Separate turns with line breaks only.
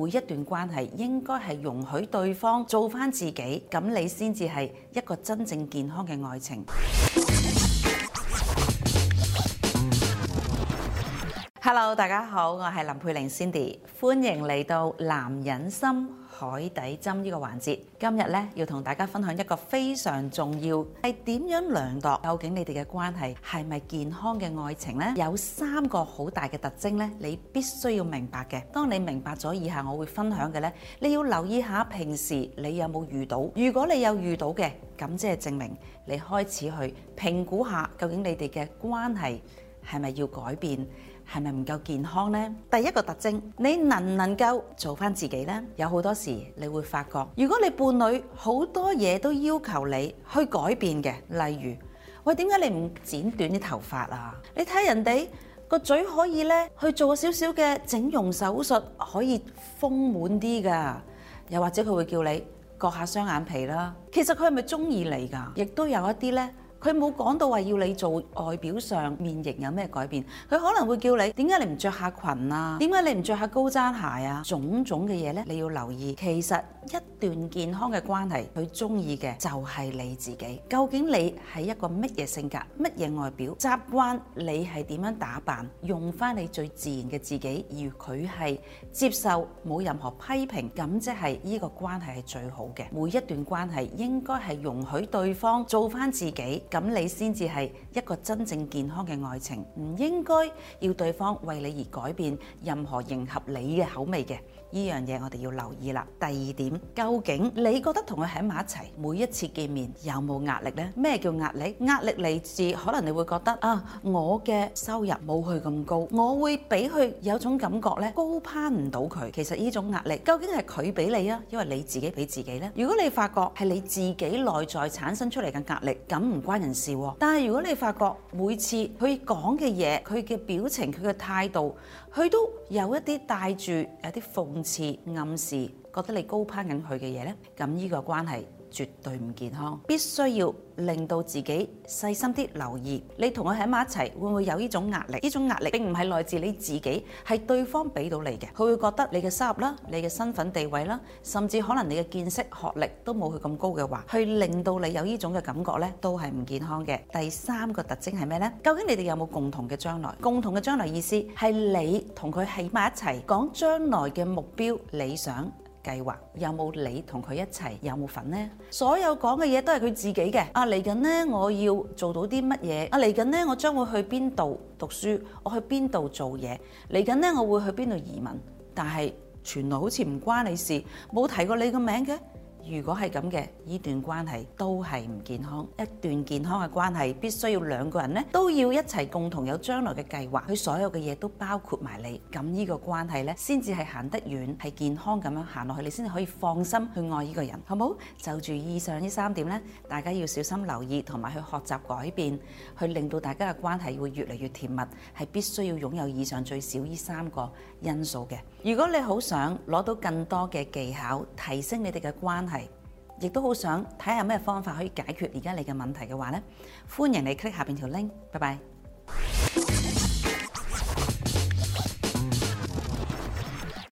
每一段關係應該係容許對方做翻自己，咁你先至係一個真正健康嘅愛情。Hello，大家好，我係林佩玲。係咪唔夠健康呢？第一個特徵，你能唔能夠做返自己呢？有好多時，你會發覺，如果你伴侶好多嘢都要求你去改變嘅，例如，喂，點解你唔剪短啲頭髮啊？你睇人哋個嘴可以呢去做少少嘅整容手術，可以豐滿啲㗎。又或者佢會叫你割下雙眼皮啦。其實佢係咪鍾意你㗎？亦都有一啲呢。佢冇講到話要你做外表上面型有咩改變，佢可能會叫你點解你唔著下裙啊？點解你唔著下高踭鞋啊？種種嘅嘢呢，你要留意。其實一段健康嘅關係，佢鍾意嘅就係你自己。究竟你係一個乜嘢性格、乜嘢外表、習慣？你係點樣打扮？用返你最自然嘅自己，而佢係接受冇任何批評。咁即係呢個關係係最好嘅。每一段關係應該係容許對方做返自己。咁你先至係一個真正健康嘅愛情，唔應該要對方為你而改變任何迎合你嘅口味嘅。呢樣嘢我哋要留意啦。第二點，究竟你覺得同佢喺埋一齊，每一次見面有冇壓力呢？咩叫壓力？壓力嚟自可能你會覺得啊，我嘅收入冇佢咁高，我會俾佢有種感覺呢，高攀唔到佢。其實呢種壓力究竟係佢俾你啊，因為你自己俾自己呢？如果你發覺係你自己內在產生出嚟嘅壓力，咁唔關。人士，但係如果你發覺每次佢講嘅嘢，佢嘅表情，佢嘅態度，佢都有一啲帶住有啲諷刺暗示，覺得你高攀緊佢嘅嘢呢？咁呢個關係，絕對唔健康，必須要令到自己細心啲留意。你同佢喺埋一齊，會唔會有呢種壓力？呢種壓力並唔係來自你自己，係對方俾到你嘅。佢會覺得你嘅收入啦、你嘅身份地位啦，甚至可能你嘅見識、學歷都冇佢咁高嘅話，去令到你有呢種嘅感覺呢都係唔健康嘅。第三個特徵係咩呢？究竟你哋有冇共同嘅將來？共同嘅將來意思係你同佢喺埋一齊講將來嘅目標、理想。計劃，有冇你同佢一齊？有冇份呢？所有講嘅嘢都係佢自己嘅。啊，嚟緊呢，我要做到啲乜嘢？啊，嚟緊呢，我將會去邊度讀書？我去邊度做嘢？嚟緊呢，我會去邊度移民？但係全然好似唔關你事，冇提過你個名嘅。如果係咁嘅，呢段關係都係唔健康。一段健康嘅關係，必須要兩個人咧都要一齊共同有將來嘅計劃，佢所有嘅嘢都包括埋你。咁呢個關係咧，先至係行得遠，係健康咁樣行落去，你先至可以放心去愛依個人，好唔好？就住以上呢三點咧，大家要小心留意，同埋去學習改變，去令到大家嘅關係會越嚟越甜蜜，係必須要擁有以上最少呢三個因素嘅。如果你好想攞到更多嘅技巧，提升你哋嘅關係。亦都好想睇下咩方法可以解決而家你嘅問題嘅話呢，歡迎你 click 下邊條 link，拜拜。